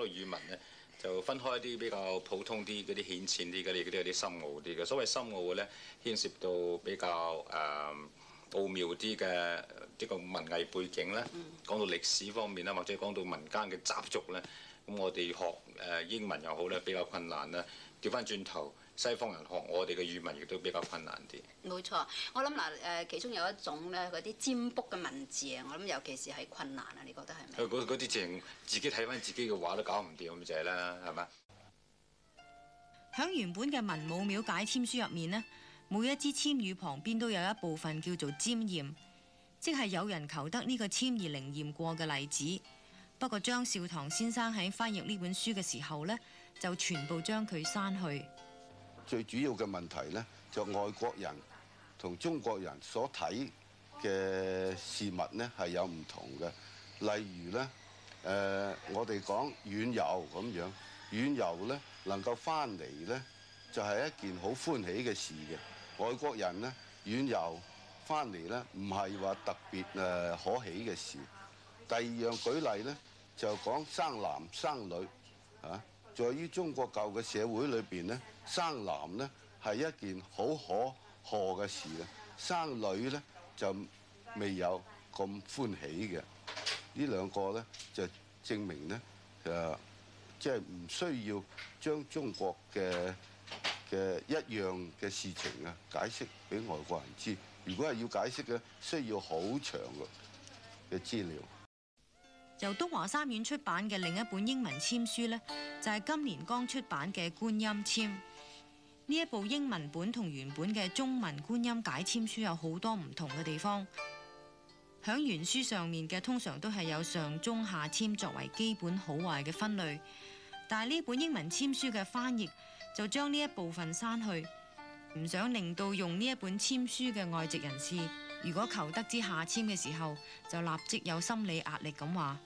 個語文咧就分開啲比較普通啲，嗰啲顯淺啲嘅，嗰啲有啲深奧啲嘅。所謂深奧嘅咧，牽涉到比較誒呃、奧妙啲嘅，呢個文藝背景咧，講、嗯、到歷史方面啦，或者講到民間嘅習俗咧。咁我哋學誒英文又好咧，比較困難咧。調翻轉頭，西方人學我哋嘅語文亦都比較困難啲。冇錯，我諗嗱誒，其中有一種咧，嗰啲占卜嘅文字啊，我諗尤其是係困難啊，你覺得係咪？誒，嗰啲字自己睇翻自己嘅話都搞唔掂咁滯啦，係嘛？喺原本嘅文武廟解籤書入面咧，每一支籤語旁邊都有一部分叫做占驗，即係有人求得呢個籤而靈驗過嘅例子。不過張兆棠先生喺翻譯呢本書嘅時候咧，就全部將佢刪去。最主要嘅問題咧，就外國人同中國人所睇嘅事物咧係有唔同嘅。例如咧，誒，我哋講遠遊咁樣，遠遊咧能夠翻嚟咧就係一件好歡喜嘅事嘅。外國人咧遠遊翻嚟咧唔係話特別誒，可喜嘅事。第二樣舉例咧。就講生男生女，嚇，在於中國舊嘅社會裏邊咧，生男咧係一件好可賀嘅事咧，生女咧就未有咁歡喜嘅。呢兩個咧就證明咧，誒，即係唔需要將中國嘅嘅一樣嘅事情啊解釋俾外國人知。如果係要解釋嘅，需要好長嘅嘅資料。由東華三院出版嘅另一本英文簽書呢，就係今年剛出版嘅《觀音簽》。呢一部英文本同原本嘅中文觀音解簽書有好多唔同嘅地方。響原書上面嘅通常都係有上、中、下簽作為基本好壞嘅分類，但係呢本英文簽書嘅翻譯就將呢一部分刪去，唔想令到用呢一本簽書嘅外籍人士，如果求得知下簽嘅時候，就立即有心理壓力咁話。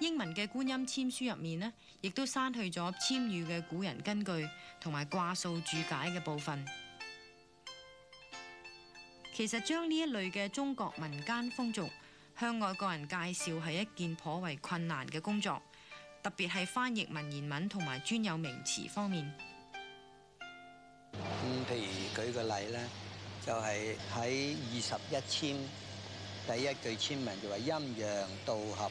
英文嘅《觀音簽書》入面呢，亦都刪去咗簽語嘅古人根據同埋卦數註解嘅部分。其實將呢一類嘅中國民間風俗向外國人介紹係一件頗為困難嘅工作，特別係翻譯文言文同埋專有名詞方面。咁譬如舉個例咧，就係喺二十一簽第一句簽文就話陰陽道合。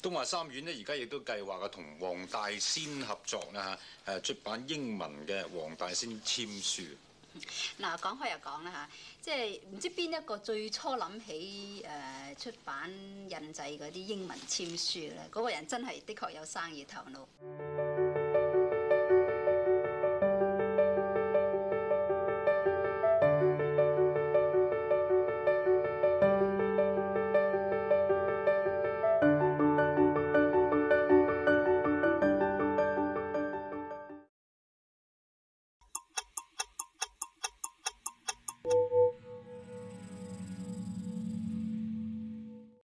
東華三院咧，而家亦都計劃嘅同黃大仙合作啦嚇，誒出版英文嘅黃大仙簽書。嗱，講開又講啦吓，即係唔知邊一個最初諗起誒出版印製嗰啲英文簽書咧，嗰、那個人真係的確有生意頭腦。